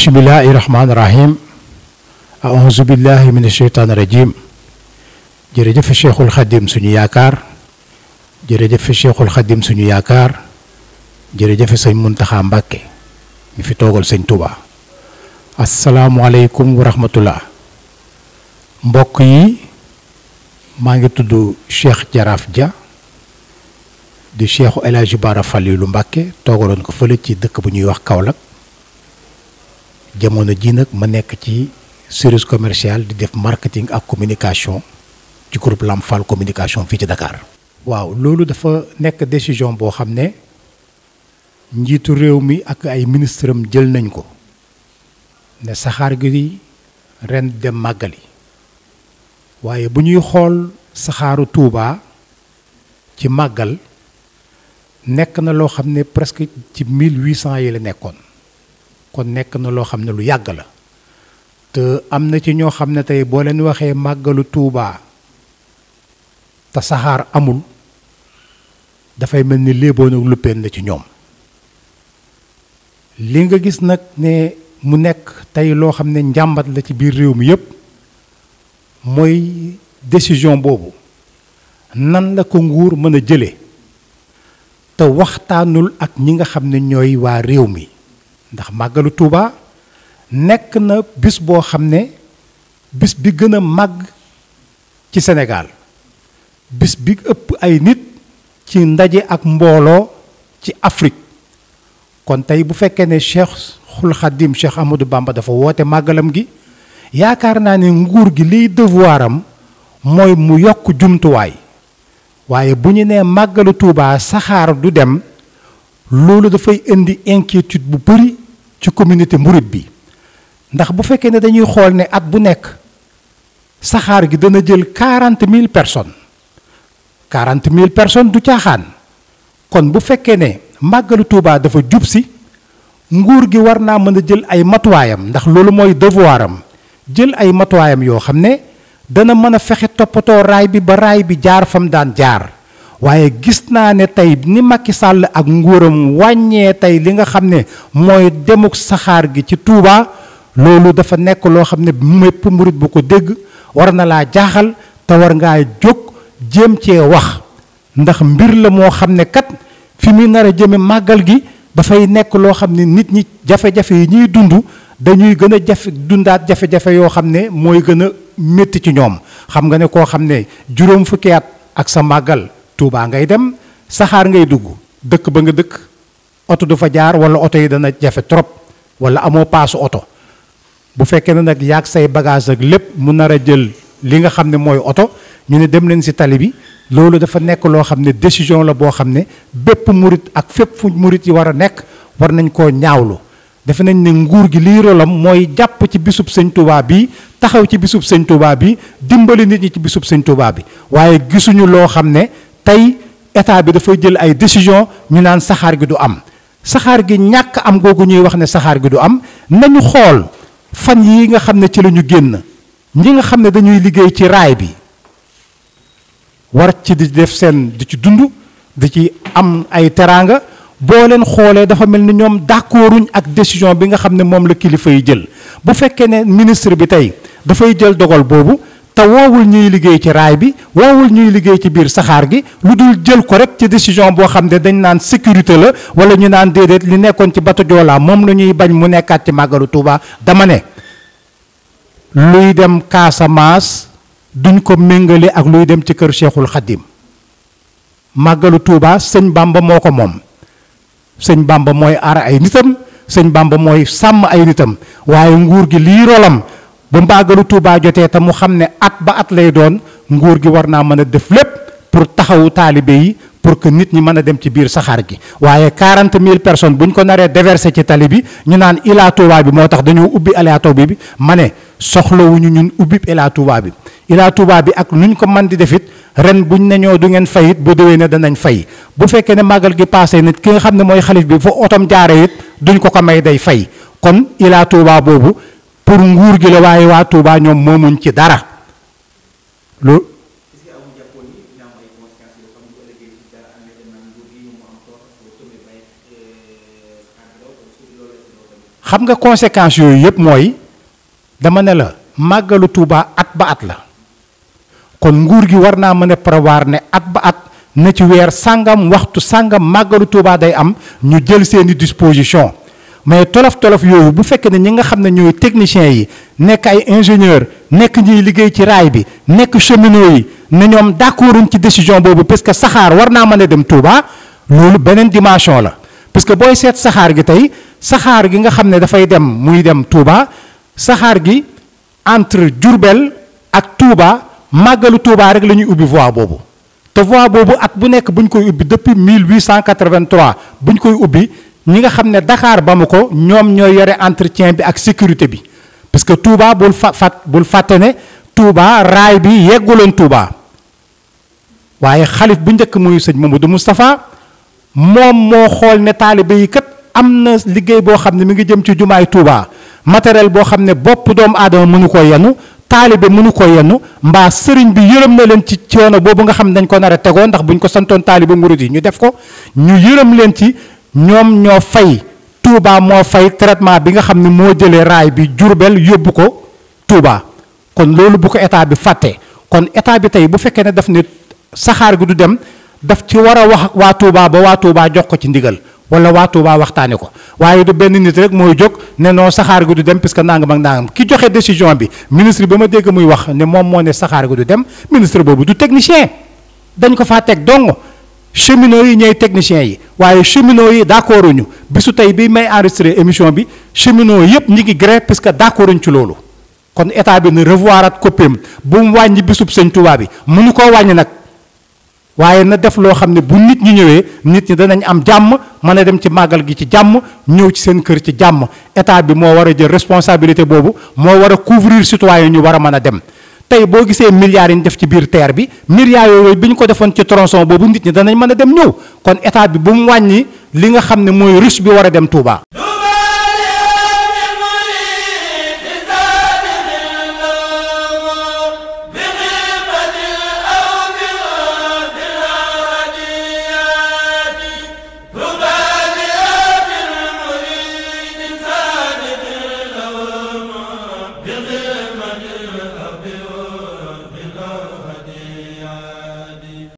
bismillahirrahmanirrahim ahousubillahi min asheytaan rajim jërëjëf cheikhul Khadim suñu yakar. jërëjëf cheikhul Khadim suñu yakar. jërëjëf Seyd Muntaha Mbake. mi fi Seyd Touba. Assalamu alaykum wa rahmatullah Mbok yi ma ngi tuddu cheikh Jaraf Dia. di cheikhu El Hadji Bara Falilu mbàkke toogaloon ko fele ci dekk bu ñuy wax Kaolack jamono ji nak ma nek ci service commercial di def marketing ak communication ci groupe Lamfal communication fi ci Dakar. waaw loolu dafa nek décision bo xamné njitu njiitu mi ak ay ministreum am jël nañ ko ne saxar gi ren dem magali waye buñuy xol saxaru Touba ci magal nek na lo xamné presque ci mille huit yi la nekkone kon nekk na loo xam ne lu yàgg la te am na ci ñoo xam ne tey boo leen waxee màggalu tuubaa te saxaar amul dafay mel ni léeboon ak luppeen na ci ñoom li nga gis nag ne mu nekk tey loo xam ne njàmbat la ci biir réew mi yépp mooy décision boobu nan la ko nguur mën a jële te waxtaanul ak ñi nga xam ne ñooy waa réew mi ndax màggalu Tuuba nekk na bis boo xam ne bis bi gën a màgg ci senegaal bis bi ëpp ay nit ci ndaje ak mbooloo ci Afrique kon tey bu fekkee ne Cheikhul Khadim Cheikh Amadou Bamba dafa woote màggalam gi yaakaar naa ne nguur gi liy devoir mooy mu yokk jumtuwaay waaye bu ñu nee màggalu Tuuba saxaar du dem loolu dafay indi inquiétude bu bari ci communauté murit bi ndax bu fekkee ne dañuy xool ne at bu nekk saxaar gi dana jël quarante mille personnes quarante mille personnes du caaxaan kon bu fekkee ne màggalu Tuubaa dafa jub si nguur gi war naa mën a jël ay matuwaayam ndax loolu mooy devoiram jël ay matuwaayam yoo xam ne dana mën a fexe toppatoo raay bi ba raay bi jaar fam daan jaar waaye gis naa ne tey ni Macky sàll ak nguuram wàññee tey li nga xam ne mooy demuk saxaar gi ci Touba loolu dafa nekk loo xam ne mépp murit bu ko dégg war na laa jaaxal te ngaa jóg jéem cee wax ndax mbir la moo xam ne kat fi muy nar a jëme màggal gi dafay nekk loo xam ne nit ñi jafe-jafe yi ñuy dund dañuy gën a jafe dundaat jafe-jafe yoo xam ne mooy gën a métti ci ñoom xam nga ne koo xam ne juróom fukki ak sa màggal Touba ngay dem saxaar ngay dugg dëkk ba nga dëkk oto du fa jaar wala oto yi dana jafe trop wala amoo paasu oto bu fekkee ne nag yaag say bagage ak lépp mu nar a jël li nga xam ne mooy oto ñu ne dem leen si tali bi loolu dafa nekk loo xam ne décision la boo xam ne bépp murit ak fépp fu murit yi war a nekk war nañ koo ñaawlu defe nañ ne nguur gi lii rolam mooy jàpp ci bisub sëñ Touba bi taxaw ci bisub sëñ Touba bi dimbali nit ñi ci bisub sëñ Touba tey état bi dafay jël ay décision ñu naan saxaar gi du am saxaar gi ñàkk am googu ñuy wax ne saxaar gi du am nañu xool fan yi nga xam ne ci la ñu génn ñi nga xam ne dañuy liggéey ci raay bi war ci di def seen di ci dund di ci am ay teraanga boo leen xoolee dafa mel ni ñoom d'accorduñ ak décision bi nga xam ne moom la kilifa yi jël bu fekkee ne ministre bi tey dafay jël dogal boobu te woowul ñuy liggéey ci raay bi woowul ñuy liggéey ci biir saxaar gi lu dul jël ko rek ci décision boo xam ne dañ naan sécurité la wala ñu naan déedéet li nekkoon ci bato Joola moom la ñuy bañ mu nekkaat ci màggalu Tuuba dama ne luy dem kaasamaas duñ ko méngale ak luy dem ci kër Cheikhul Khadim màggalu Tuuba sëñ Bamba moo ko moom sëñ Bamba mooy aar ay nitam sëñ Bamba mooy sàmm ay nitam waaye nguur gi lii rolam bu mbaagalu Touba jotee te mu xam ne at ba at lay doon nguur gi war naa mën a def lépp pour taxawu taalibe yi pour que nit ñi mën a dem ci biir saxaar gi waaye 40 mille personnes bu ñu ko naree déversé ci tali bi ñu naan Ila Touba bi moo tax dañoo ubbi Ila Touba bi ma ne soxlawuñu ñun ubbi Ila Touba bi Ila Touba bi ak nuñ ko mën di def it ren buñ ne ñoo du ngeen fayit bu dewee ne danañ fay bu fekkee ne màggal gi passé nit ki nga xam ne mooy xalif bi fa otom jaare duñ ko ko may day fay kon Ila boobu pour nguur gi la waaye waa Touba ñoom moomuñ ci dara lu xam nga conséquences yooyu yëpp mooy dama ne la màggalu Touba at ba at la kon nguur gi war naa mën a prévoir ne at ba at na ci weer sàngam waxtu sàngam màggalu Touba day am ñu jël seeni disposition mais tolof-tolof yooyu bu fekkee ne ñi nga xam ne ñooy technicien yi nekk ay ingénieur nekk ñuy liggéey ci raay bi nekk cheminot yi ne ñoom d'accorduñ ci décision boobu parce que saxaar war naa mën a dem Touba loolu beneen dimension la parce que booy seet saxaar gi tey saxaar gi nga xam ne dafay dem muy dem Touba saxaar gi entre Diourbel ak Touba màggalu Touba rek la ñuy ubbi voie boobu te voie boobu at bu nekk buñ ñu koy ubbi depuis 1883 bu ñu koy ubbi ñi nga xam ne Dakar Bamako ñoom ñooy yore entretien bi ak sécurité bi parce que Touba bul fa fat bul fàtte ne Touba raay bi yegguloon Touba waaye xalif bu njëkk muy sëñ Mamadou Moustapha moom moo xool ne taalibe yi kat am na liggéey boo xam ne mi ngi jëm ci jumaay Touba matériel boo xam ne bopp doomu aadama mënu ko yenu taalibe mënu ko yenn mbaa sëriñ bi yërëm na leen ci coono boobu nga xam dañ ko nar a tegoo ndax buñ ko santoon taalibe murid yi ñu def ko ñu yërëm leen ci ñoom ñoo fay Touba moo fay traitement bi nga xam ne moo jëlee raay bi Diourbel yóbbu ko tuubaa kon loolu bu ko état bi fàtte kon état bi tey bu fekkee ne daf ne saxaar gi du dem daf ci war a wax waa Touba ba waa Touba jox ko ci ndigal wala waa Touba waxtaane ko waaye du benn nit rek mooy jóg ne non saxaar gi du dem puisque nangam ak nangam ki joxe décision bi ministre bi ma dégg muy wax ne moom moo ne saxaar gi du dem ministre boobu du technicien dañ ko faa teg dong cheminots yi ñooy techniciens yi waaye cheminots yi d' accord uñu bisu tey bi may enregistré émission bi cheminots yëpp ñi ngi grève parce que d' accord ci loolu kon état bi ne revoir at koppeem bu mu wàññi bisub sëñ Tuubaa bi mënu koo wàññi nag waaye na def loo xam ne bu nit ñi ñëwee nit ñi danañ am jàmm mën a dem ci màggal gi ci jàmm ñëw ci seen kër ci jàmm état bi moo war a jël responsabilité boobu moo war a couvrir citoyen ñu war a mën a dem tey boo gisee milliards yi ñu def ci biir teer bi milliards yooyu bi ñu ko defoon ci tronçon boobu nit ñi danañ mën a dem ñëw kon état bi bu mu wàññi li nga xam ne mooy riche bi war a dem Touba.